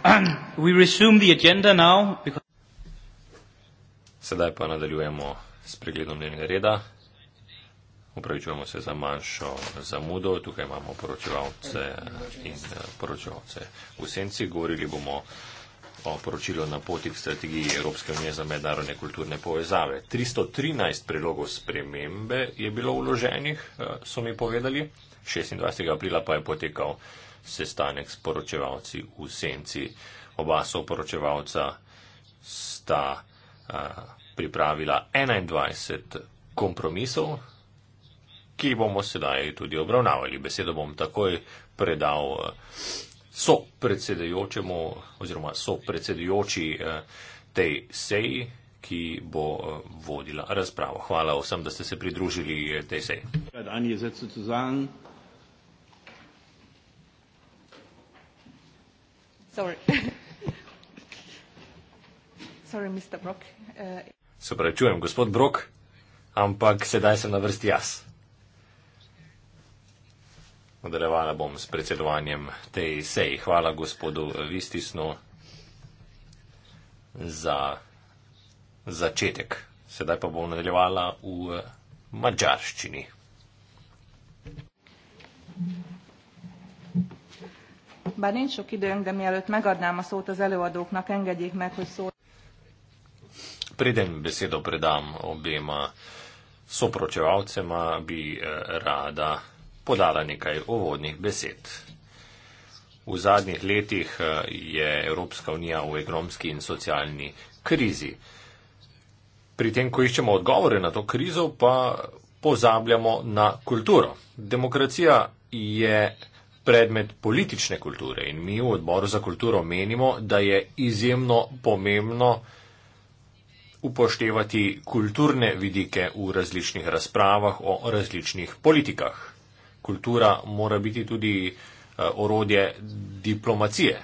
we resume the agenda now because. Sedaj pa nadaljujemo s pregledom dnevnega reda. Upravičujemo se za manjšo zamudo. Tukaj imamo poročevalce in eh, poročevalce v senci. Govorili bomo o poročilu na poti k strategiji Evropske unije za mednarodne kulturne povezave. 313 prilogov spremembe je bilo vloženih, eh, so mi povedali. 26. aprila pa je potekal sestanek s poročevalci v senci. Oba soporočevalca sta uh, pripravila 21 kompromisov, ki bomo sedaj tudi obravnavali. Besedo bom takoj predal uh, so predsedujočemu oziroma so predsedujoči uh, tej seji, ki bo uh, vodila razpravo. Hvala vsem, da ste se pridružili e, tej seji. Sorry. Sorry, Mr. Brok. Uh, Se pravi, čujem, gospod Brok, ampak sedaj sem na vrsti jaz. Nadaljevala bom s predsedovanjem tej seji. Hvala gospodu Vistisnu za začetek. Sedaj pa bom nadaljevala v eh, mađarščini. Mm -hmm. Bár nincs sok időnk, de mielőtt megadnám a szót az előadóknak, engedjék meg, hogy szól. Preden besedo predam obema soproševalcema, bi eh, rada podala nekaj uvodnih besed. V zadnjih letih eh, je Evropska unija v ekonomski in socialni krizi. Pri tem, ko iščemo odgovore na to krizo, pa pozabljamo na kulturo. Demokracija je predmet politične kulture in mi v odboru za kulturo menimo, da je izjemno pomembno upoštevati kulturne vidike v različnih razpravah o različnih politikah. Kultura mora biti tudi eh, orodje diplomacije.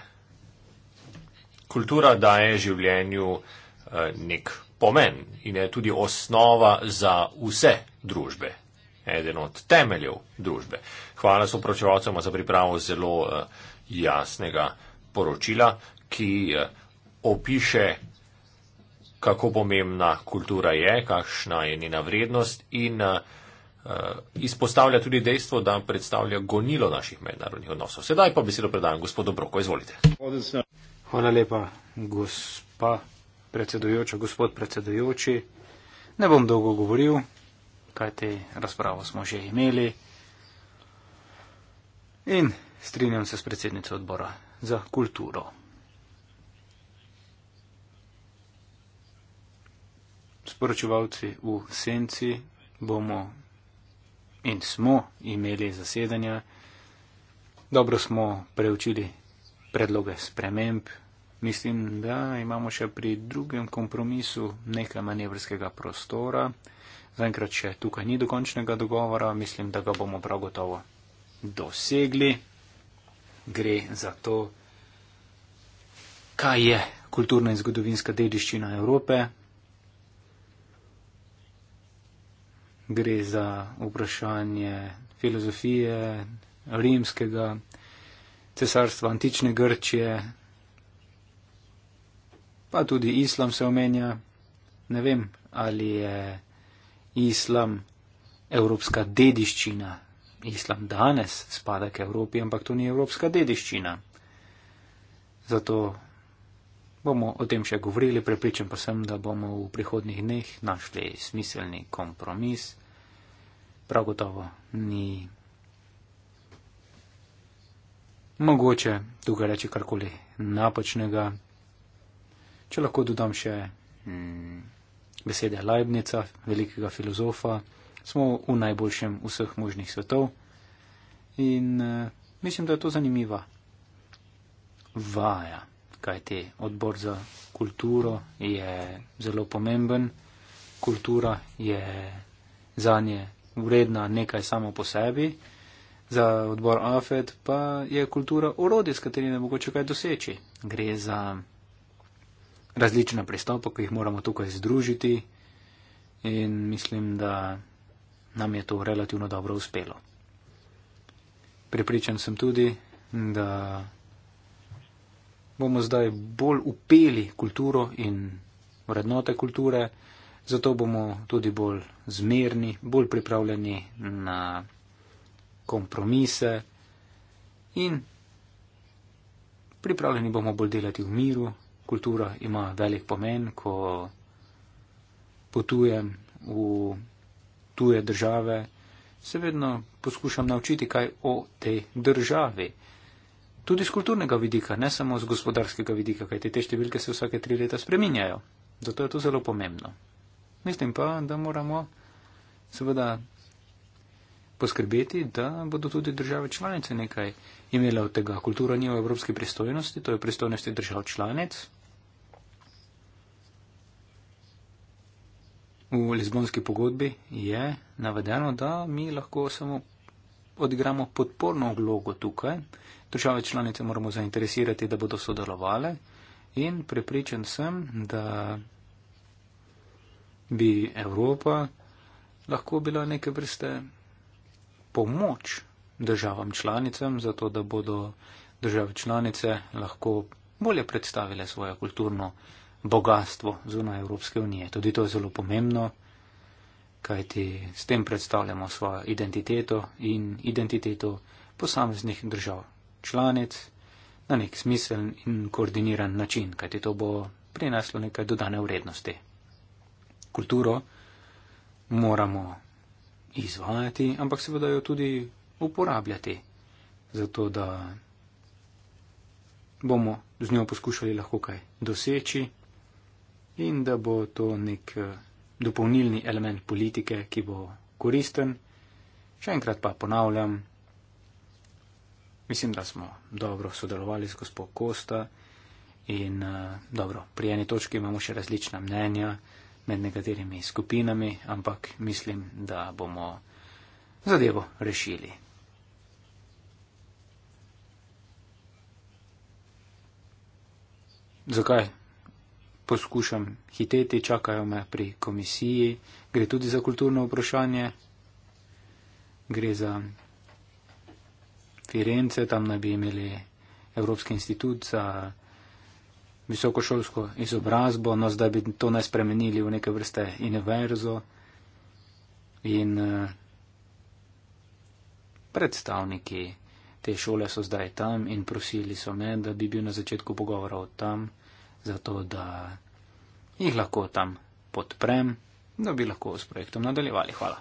Kultura daje življenju eh, nek pomen in je tudi osnova za vse družbe eden od temeljev družbe. Hvala so pročevalcema za pripravo zelo eh, jasnega poročila, ki eh, opiše, kako pomembna kultura je, kakšna je njena vrednost in eh, izpostavlja tudi dejstvo, da predstavlja gonilo naših mednarodnih odnosov. Sedaj pa besedo predajam gospodu Broko, izvolite. Hvala lepa, gospa predsedujoča, gospod predsedujoči. Ne bom dolgo govoril, kajti razpravo smo že imeli. In strinjam se s predsednico odbora za kulturo. Sporočevalci v senci bomo in smo imeli zasedanja, dobro smo preučili predloge sprememb, mislim, da imamo še pri drugem kompromisu nekaj manevrskega prostora zaenkrat še tukaj ni dokončnega dogovora, mislim, da ga bomo prav gotovo dosegli. Gre za to, kaj je kulturna in zgodovinska dediščina Evrope. Gre za vprašanje filozofije rimskega, cesarstva antične Grčije, pa tudi islam se omenja. Ne vem, ali je islam evropska dediščina. Islam danes spada k Evropi, ampak to ni evropska dediščina. Zato bomo o tem še govorili, prepričan pa sem, da bomo v prihodnih dneh našli smiselni kompromis. Prav gotovo ni mogoče tukaj reči karkoli napačnega. Če lahko dodam še. Hmm, besede Leibnica, velikega filozofa, smo v najboljšem vseh možnih svetov in uh, mislim, da je to zanimiva vaja, kaj ti odbor za kulturo je zelo pomemben, kultura je za nje vredna nekaj samo po sebi, za odbor AFED pa je kultura orodje, s katerim je mogoče kaj doseči. Gre za različna pristopa, ki jih moramo tukaj združiti in mislim, da nam je to relativno dobro uspelo. Pripričan sem tudi, da bomo zdaj bolj upeli kulturo in vrednote kulture, zato bomo tudi bolj zmerni, bolj pripravljeni na kompromise in pripravljeni bomo bolj delati v miru, kultura ima velik pomen, ko potujem v tuje države, se vedno poskušam naučiti kaj o tej državi. Tudi z kulturnega vidika, ne samo z gospodarskega vidika, kajti te številke se vsake tri leta spreminjajo. Zato je to zelo pomembno. Mislim pa, da moramo seveda poskrbeti, da bodo tudi države članice nekaj imele od tega. Kultura ni v evropski pristojnosti, to je pristojnosti držav članic, V Lizbonski pogodbi je navedeno, da mi lahko samo odigramo podporno vlogo tukaj. Države članice moramo zainteresirati, da bodo sodelovali in prepričan sem, da bi Evropa lahko bila neke vrste pomoč državam članicam, zato da bodo države članice lahko bolje predstavile svojo kulturno bogatstvo zunaj Evropske unije. Tudi to je zelo pomembno, kajti s tem predstavljamo svojo identiteto in identiteto posameznih držav članic na nek smiseln in koordiniran način, kajti to bo prineslo nekaj dodane vrednosti. Kulturo moramo izvajati, ampak seveda jo tudi uporabljati, zato da bomo z njo poskušali lahko kaj doseči, in da bo to nek eh, dopolnilni element politike, ki bo koristen. Še enkrat pa ponavljam, mislim, da smo dobro sodelovali z gospod Kosta in eh, dobro, pri eni točki imamo še različna mnenja med nekaterimi skupinami, ampak mislim, da bomo zadevo rešili. Zakaj poskušam hiteti, čakajo me pri komisiji, gre tudi za kulturno vprašanje, gre za Firence, tam naj bi imeli Evropski institut za visokošolsko izobrazbo, no zdaj bi to naj spremenili v neke vrste univerzo in eh, predstavniki te šole so zdaj tam in prosili so me, da bi bil na začetku pogovora od tam zato da jih lahko tam podprem, da bi lahko s projektom nadaljevali. Hvala.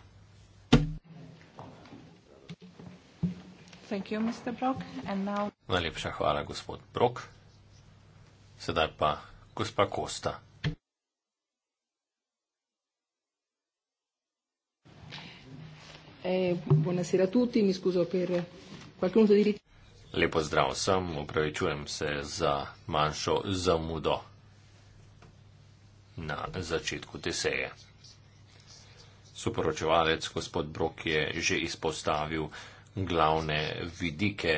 Najlepša hvala, gospod Brok. Sedaj pa gospa Kosta. Eh, buonasera a tutti, mi scuso per qualcuno di ritardo. Lepo zdrav vsem, upravičujem se za manjšo zamudo na začetku te seje. Suporočevalec gospod Brok je že izpostavil glavne vidike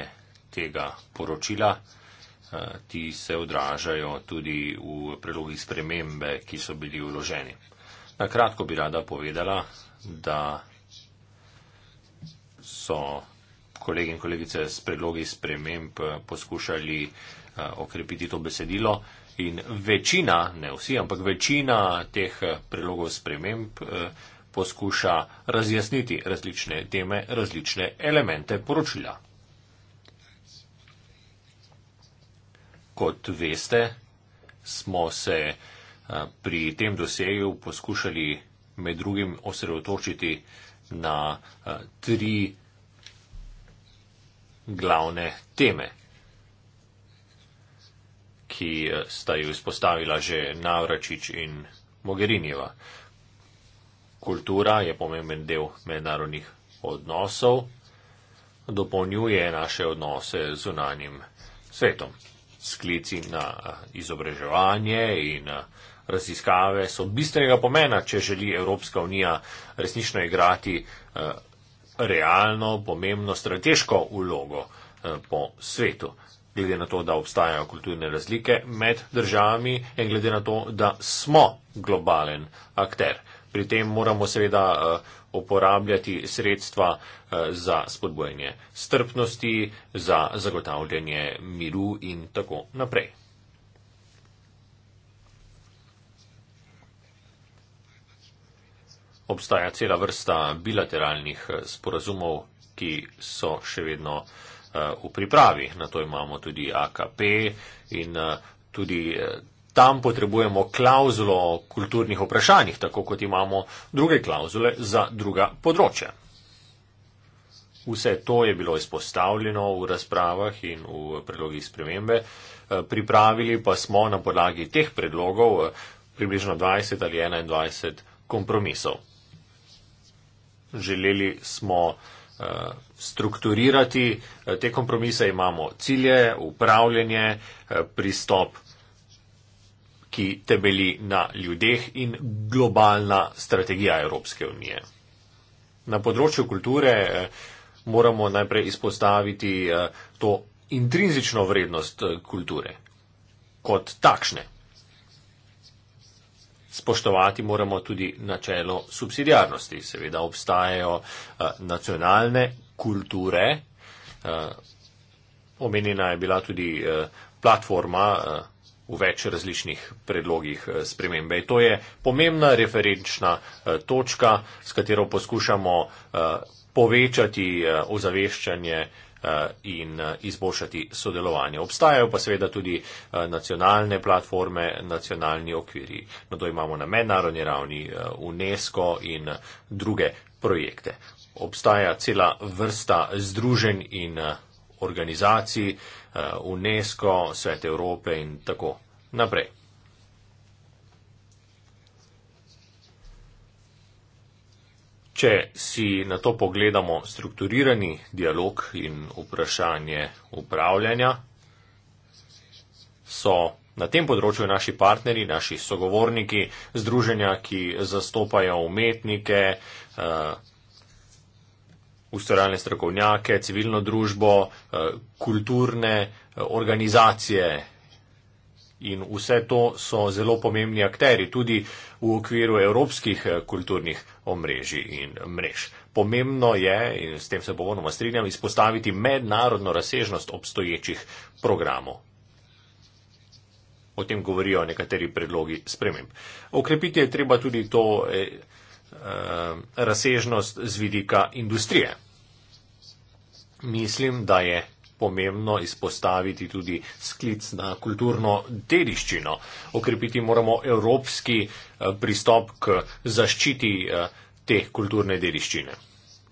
tega poročila. Eh, ti se odražajo tudi v predlogi spremembe, ki so bili vloženi. Na kratko bi rada povedala, da so kolegi in kolegice s predlogi sprememb eh, poskušali eh, okrepiti to besedilo. In večina, ne vsi, ampak večina teh eh, predlogov sprememb poskuša razjasniti različne teme, različne elemente poročila. Kot veste, smo se pri tem doseju poskušali med drugim osredotočiti na tri glavne teme, ki eh, sta jo izpostavila že Navračič in Mogherinjeva. Kultura je pomemben del mednarodnih odnosov, dopolnjuje naše odnose z unanjim svetom. Sklici na eh, izobraževanje in eh, raziskave so bistvenega pomena, če želi Evropska unija resnično igrati realno, pomembno, strateško vlogo eh, po svetu. Glede na to, da obstajajo kulturne razlike med državami in glede na to, da smo globalen akter. Pri tem moramo seveda eh, uporabljati sredstva eh, za spodbojanje strpnosti, za zagotavljanje miru in tako naprej. obstaja cela vrsta bilateralnih eh, sporazumov, ki so še vedno eh, v pripravi. Na to imamo tudi AKP in eh, tudi tam potrebujemo klauzulo o kulturnih vprašanjih, tako kot imamo druge klauzule za druga področja. Vse to je bilo izpostavljeno v razpravah in v predlogih spremembe. Pripravili pa smo na podlagi teh predlogov približno 20 ali 21 kompromisov želeli smo eh, strukturirati eh, te kompromise, imamo cilje, upravljanje, eh, pristop, ki temeli na ljudeh in globalna strategija Evropske unije. Na področju kulture moramo najprej izpostaviti to intrinzično vrednost kulture kot takšne, spoštovati moramo tudi načelo subsidijarnosti. Seveda obstajajo eh, nacionalne kulture. Eh, omenjena je bila tudi eh, platforma v več različnih predlogih spremembe. To je pomembna referenčna točka, s katero poskušamo povečati ozaveščanje Eh, in eh, izboljšati sodelovanje. Obstajajo pa seveda tudi eh, nacionalne platforme, nacionalni okviri. Na to imamo na mednarodni ravni UNESCO in druge projekte. Obstaja cela vrsta združen in organizacij UNESCO, Svet Evrope in tako naprej. Če si na to pogledamo strukturirani dialog in vprašanje upravljanja, so na tem področju naši partnerji, naši sogovorniki, združenja, ki zastopajo umetnike, eh, ustvarjalne strokovnjake, civilno družbo, eh, kulturne eh, organizacije, In vse to so zelo pomembni akteri, tudi v okviru evropskih eh, kulturnih omrežij in mrež. Pomembno je, in s tem se povodoma strinjam, izpostaviti mednarodno razsežnost obstoječih programov. O tem govorijo nekateri predlogi sprememb. Okrepiti je treba tudi to eh, eh razsežnost z vidika industrije. Mislim, da je pomembno izpostaviti tudi sklic na kulturno dediščino. Okrepiti moramo evropski eh, pristop k zaščiti eh, te kulturne dediščine.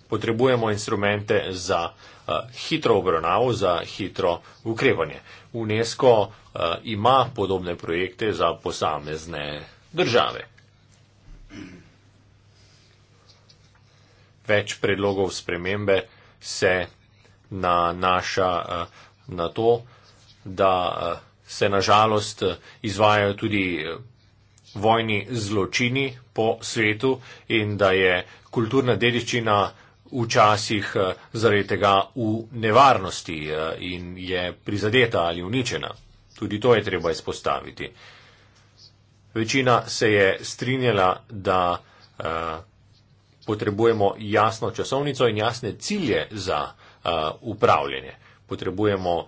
Potrebujemo instrumente za eh, hitro obravnavo, za hitro ukrevanje. UNESCO ima podobne projekte za posamezne države. Več predlogov spremembe se na naša, eh, na to, da eh, se nažalost eh, izvajajo tudi vojni zločini po svetu in da je kulturna dediščina včasih zaradi tega v nevarnosti in je prizadeta ali uničena. Tudi to je treba izpostaviti. Večina se je strinjala, da potrebujemo jasno časovnico in jasne cilje za uh, upravljanje. Potrebujemo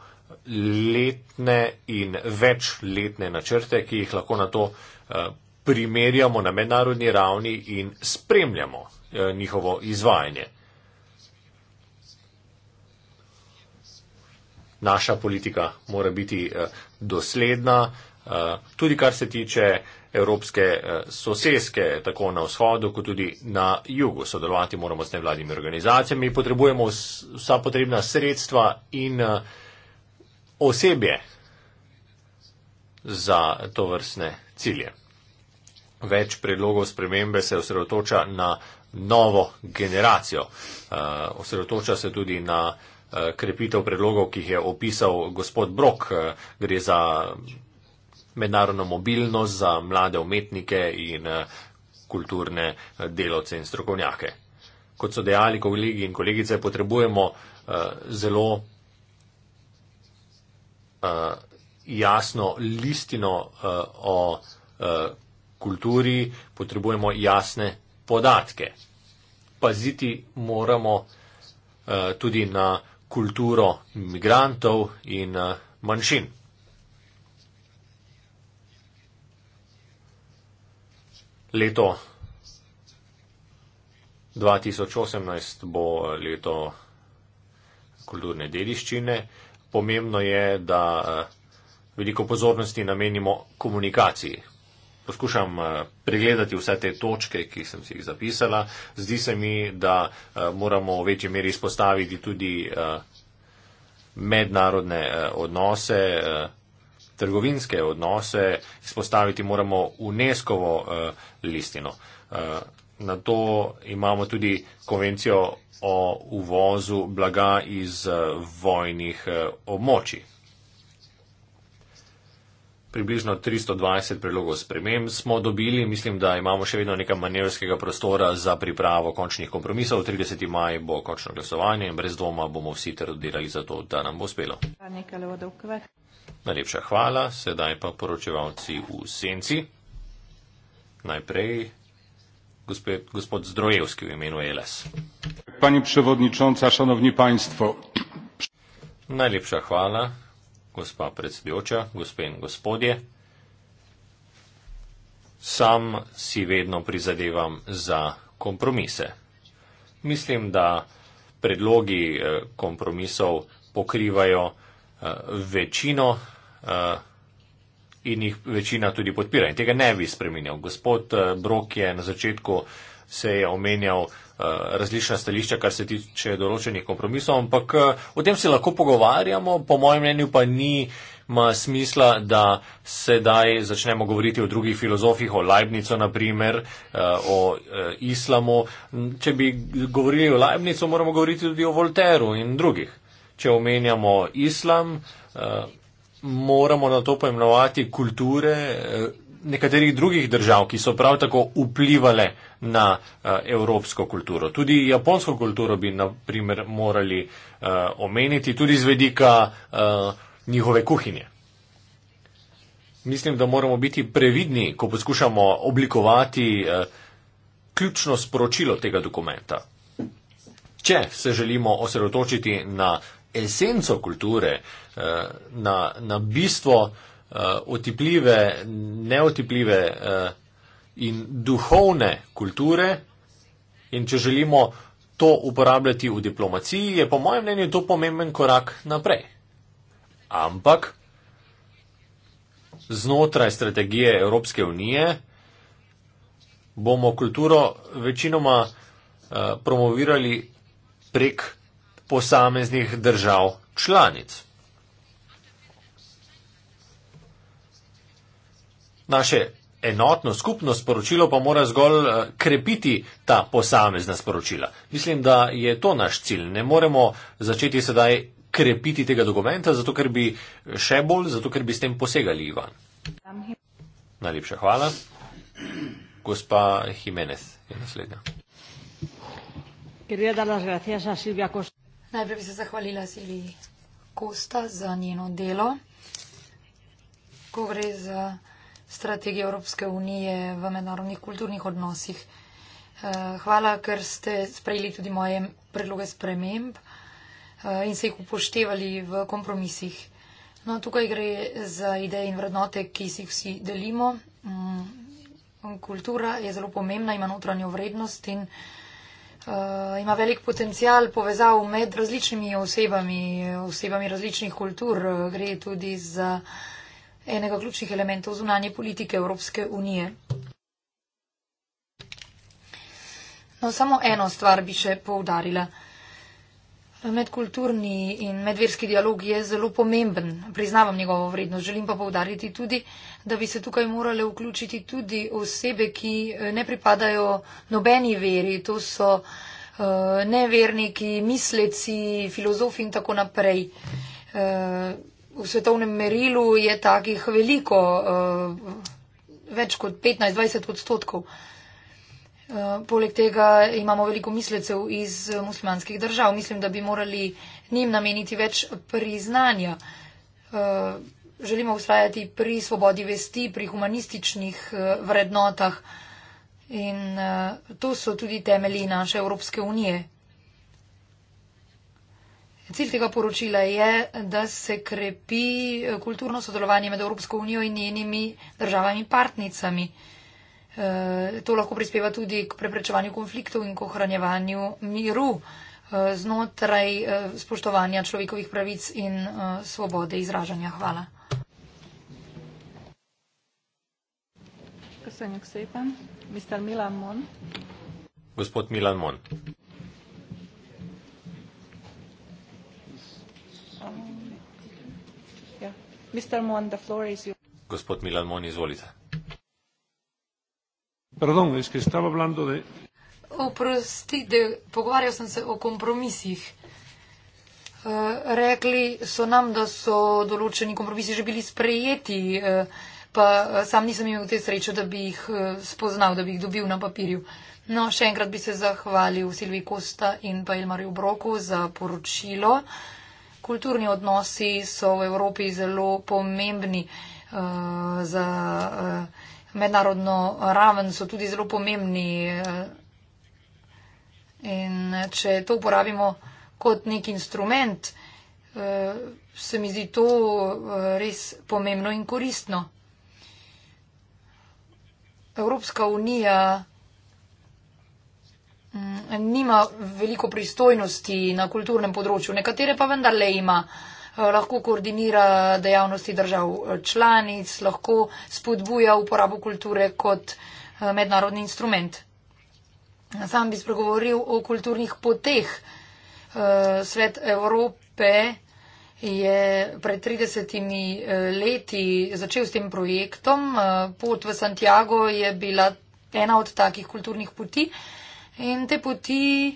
letne in večletne načrte, ki jih lahko na to uh, primerjamo na mednarodni ravni in spremljamo uh, njihovo izvajanje. Naša politika mora biti uh, dosledna, Eh, tudi kar se tiče eh, evropske eh, soseske, tako na vzhodu, kot tudi na jugu. Sodelovati moramo s nevladnimi organizacijami, potrebujemo vsa potrebna sredstva in osebje za to vrstne cilje. Več predlogov spremembe se osredotoča na novo generacijo. Osredotoča se tudi na krepitev predlogov, ki jih je opisal gospod Brok. Gre za mednarodno mobilnost za mlade umetnike in eh, kulturne eh, delovce in strokovnjake. Kot so dejali kolegi in kolegice, potrebujemo uh, zelo uh, jasno listino uh, o uh, kulturi, potrebujemo jasne podatke. Paziti moramo uh, tudi na kulturo migrantov in uh, manjšin. Leto 2018 bo leto kulturne dediščine. Pomembno je, da eh, veliko pozornosti namenimo komunikaciji. Poskušam eh, pregledati vse te točke, ki sem si jih zapisala. Zdi se mi, da eh, moramo v večji meri izpostaviti tudi mednarodne odnose, trgovinske odnose izpostaviti moramo UNESCO-vo eh, listino. Eh, Na to imamo tudi konvencijo o uvozu blaga iz eh, vojnih območij. Približno 320 predlogov sprememb smo dobili. Mislim, da imamo še vedno nekaj manevrskega prostora za pripravo končnih kompromisov. 30. maj bo končno glasovanje in brez dvoma bomo vsi trdili za to, da nam bo uspelo. Najlepša hvala, sedaj pa poročevalci v senci. Najprej gospod, gospod Zdrojevski v imenu LS. Pani predsednica, šanovni państvo. Najlepša hvala, gospa predsedujoča, gospe in gospodje. Sam si vedno prizadevam za kompromise. Mislim, da predlogi eh, kompromisov pokrivajo uh, večino uh, in jih večina tudi podpira. In tega ne bi spremenjal. Gospod eh, Brok je na začetku se je omenjal uh, različna stališča, kar se tiče določenih kompromisov, ampak uh, o tem se lahko pogovarjamo, po mojem mnenju pa ni ima smisla, da sedaj začnemo govoriti o drugih filozofih, o Leibnicu naprimer, o islamu. Če bi govorili o Leibnicu, moramo govoriti tudi o Volteru in drugih če omenjamo islam, eh, moramo na to poimenovati kulture eh, nekaterih drugih držav, ki so prav tako vplivale na eh, evropsko kulturo. Tudi japonsko kulturo bi, na primer, morali omeniti, tudi z vedika njihove kuhinje. Mislim, da moramo biti previdni, ko poskušamo oblikovati ključno sporočilo tega dokumenta. Če se želimo osredotočiti na esenco kulture, eh, na, na bistvo eh, otipljive, neotipljive eh, in duhovne kulture. In če želimo to uporabljati v diplomaciji, je po mojem mnenju to pomemben korak naprej. Ampak znotraj strategije Evropske unije bomo kulturo večinoma uh, promovirali prek posameznih držav članic. Naše enotno skupno sporočilo pa mora zgolj eh, krepiti ta posamezna sporočila. Mislim, da je to naš cilj. Ne moremo začeti sedaj krepiti tega dokumenta, zato ker bi še bolj, zato ker bi s tem posegali Ivan. Najlepša hvala. Gospa Jimenez je naslednja. Quería dar las gracias a Silvia Costa. Najprej bi se zahvalila Silvi Kosta za njeno delo. Ko gre za strategijo Evropske unije v mednarodnih kulturnih odnosih. Eh, hvala, ker ste sprejeli tudi moje predloge sprememb eh, in se jih upoštevali v kompromisih. No, tukaj gre za ideje in vrednote, ki si jih vsi delimo. Mm, kultura je zelo pomembna, ima notranjo vrednost in vrednost. Eh, ima velik potencial povezav med različnimi osebami, osebami različnih kultur. Gre tudi za enega ključnih elementov zunanje politike Evropske unije. No, samo eno stvar bi še poudarila. Medkulturni in medverski dialog je zelo pomemben, priznavam njegovo vrednost. Želim pa povdariti tudi, da bi se tukaj morale vključiti tudi osebe, ki eh, ne pripadajo nobeni veri. To so uh, neverniki, misleci, filozofi in tako naprej. Uh, v svetovnem merilu je takih veliko, uh, več kot 15-20 odstotkov. Uh, Eh, poleg tega imamo veliko mislecev iz muslimanskih držav. Mislim, da bi morali njim nameniti več priznanja. Eh, želimo ustrajati pri svobodi vesti, pri humanističnih eh, vrednotah in to so tudi temelji naše Evropske unije. Cilj tega poročila je, da se krepi kulturno sodelovanje med Evropsko unijo in njenimi državami partnicami. Eh, to lahko prispeva tudi k preprečevanju konfliktov in k ohranjevanju miru eh, znotraj eh, spoštovanja človekovih pravic in svobode izražanja. Hvala. Gospod Milan Mon. Gospod Milan Mon, ja. izvolite. Perdón, es que estaba hablando de. Oprostite, pogovarjal sem se o kompromisih. Eh, rekli so nam, da so določeni kompromisi že bili sprejeti, eh, pa eh, sam nisem imel te sreče, da bi jih spoznal, da bi jih dobil na papirju. No, še enkrat bi se zahvalil Silvi Kosta in pa Ilmarju Broku za poročilo. Kulturni odnosi so v Evropi zelo pomembni uh, za. Uh, mednarodno raven so tudi zelo pomembni. Eh, in če to uporabimo kot nek instrument, eh, se mi zdi to eh, res pomembno in koristno. Evropska unija mm, nima veliko pristojnosti na kulturnem področju, nekatere pa vendarle ima lahko koordinira dejavnosti držav eh, članic, lahko spodbuja uporabo kulture kot eh, mednarodni instrument. Sam bi spregovoril o kulturnih poteh. Eh, Svet Evrope je pred 30 leti začel s tem projektom. Pot v Santiago je bila ena od takih kulturnih poti. In te poti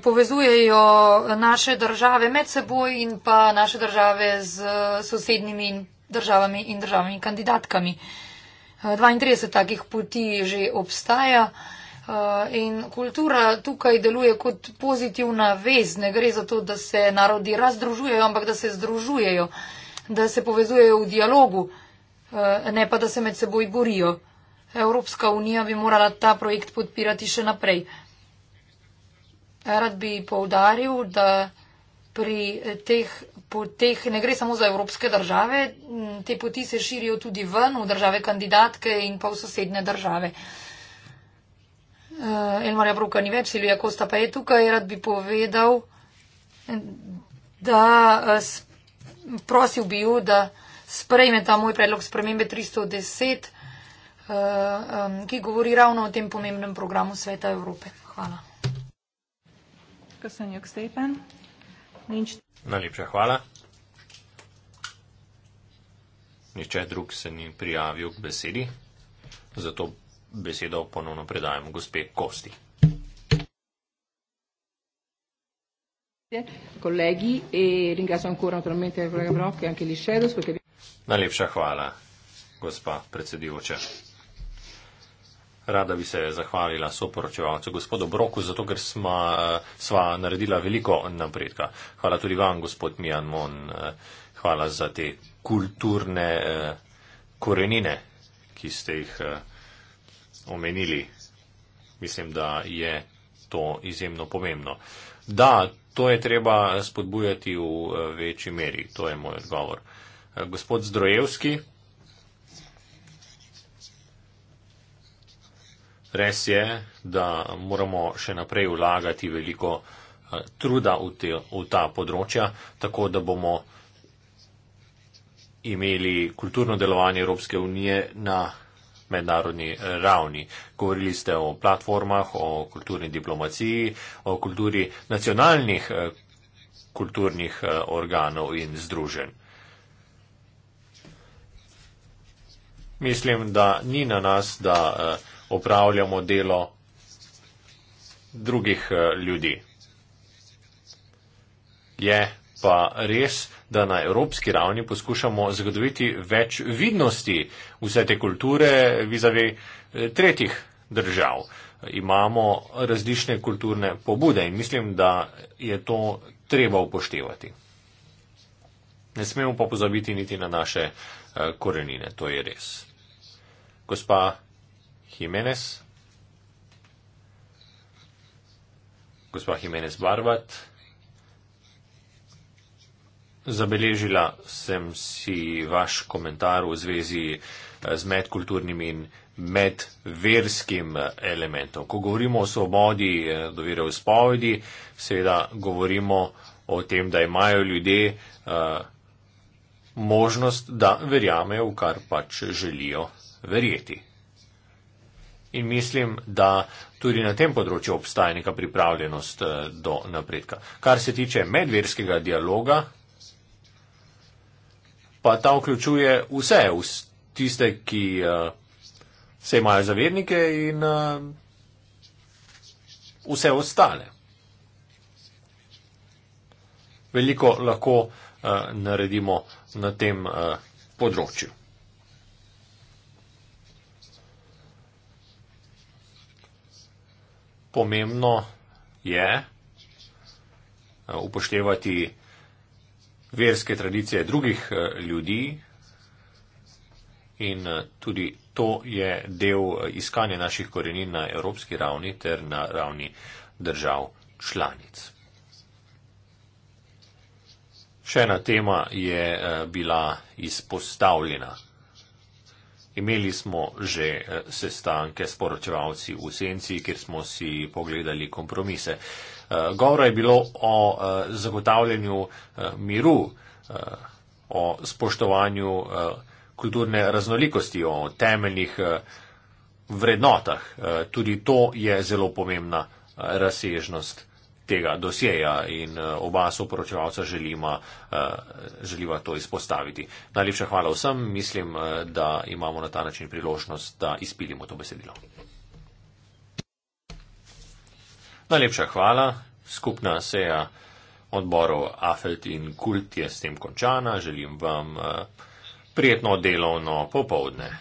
povezujejo naše države med seboj in pa naše države z sosednjimi državami in državami kandidatkami. 32 eh, takih poti že obstaja eh, in kultura tukaj deluje kot pozitivna vez. Ne gre za to, da se narodi razdružujejo, ampak da se združujejo, da se povezujejo v dialogu, eh, ne pa da se med seboj borijo. Evropska unija bi morala ta projekt podpirati še naprej. Rad bi povdaril, da pri teh poteh ne gre samo za evropske države, te poti se širijo tudi ven v države kandidatke in pa v sosedne države. Eh, Elmarja Bruka ni več, Silvija Kosta pa je tukaj, rad bi povedal, da eh, prosil bi jo, da sprejme ta moj predlog spremembe 310, eh, ki govori ravno o tem pomembnem programu Sveta Evrope. Hvala. Köszönjük szépen. Nincs... Najlepša hvala. Niče drug se ni prijavil k besedi, zato besedo ponovno predajamo gospe Kosti. E, e Najlepša hvala, gospa predsedujoča. Rada bi se zahvalila soporočevalcu gospodu Broku, zato ker sva, eh, sva naredila veliko napredka. Hvala tudi vam, gospod Mijan Mon, eh, hvala za te kulturne eh, korenine, ki ste jih omenili. Mislim, da je to izjemno pomembno. Da, to je treba spodbujati v večji meri, to je moj odgovor. Gospod Zdrojevski. Res je, da moramo še naprej vlagati veliko eh, truda v, te, v ta področja, tako da bomo imeli kulturno delovanje Evropske unije na mednarodni eh, ravni. Govorili ste o platformah, o kulturni diplomaciji, o kulturi nacionalnih eh, kulturnih organov in združen. Mislim, da ni na nas, da uh, opravljamo delo drugih eh, ljudi. Je pa res, da na evropski ravni poskušamo zagotoviti več vidnosti vse te kulture vizavi eh, tretjih držav. Imamo različne kulturne pobude in mislim, da je to treba upoštevati. Ne smemo pa pozabiti niti na naše eh, korenine, to je res. Gospa Jiménez. Gospa Jiménez Barbat. Zabeležila sem si vaš komentar v zvezi eh, z medkulturnim in medverskim eh, elementom. Ko govorimo o svobodi eh, do vere v spovedi, seveda govorimo o tem, da imajo ljudje uh, možnost, da verjamejo, v kar pač želijo verjeti. In mislim, da tudi na tem področju obstaja neka pripravljenost eh, do napredka. Kar se tiče medverskega dialoga, pa ta vključuje vse, vse tiste, ki uh, eh, se imajo zavednike in uh, vse ostale. Veliko lahko uh, naredimo na tem uh, področju. pomembno je eh, upoštevati verske tradicije drugih eh, ljudi in eh, tudi to je del iskanja naših korenin na evropski ravni ter na ravni držav članic. Še ena tema je bila izpostavljena. Imeli smo že eh, sestanke s poročevalci v Senci, kjer smo si pogledali kompromise. Eh, govora je bilo o eh, zagotavljanju miru, o spoštovanju kulturne raznolikosti, o temeljnih vrednotah. Tudi to je zelo pomembna razsežnost tega dosjeja in eh, oba soporočevalca želima, eh, želiva to izpostaviti. Najlepša hvala vsem, mislim, eh, da imamo na ta način priložnost, da izpilimo to besedilo. Najlepša hvala, skupna seja odborov Afelt in Kult je s tem končana, želim vam prijetno delovno popovdne.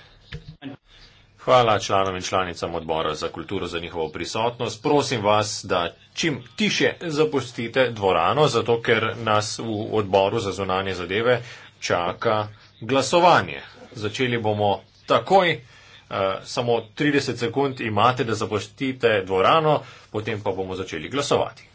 Hvala članom in članicam odbora za kulturo za njihovo prisotnost. Prosim vas, da čim tiše zapustite dvorano, zato ker nas v odboru za zunanje zadeve čaka glasovanje. Začeli bomo takoj, eh, samo 30 sekund imate, da zapustite dvorano, potem pa bomo začeli glasovati.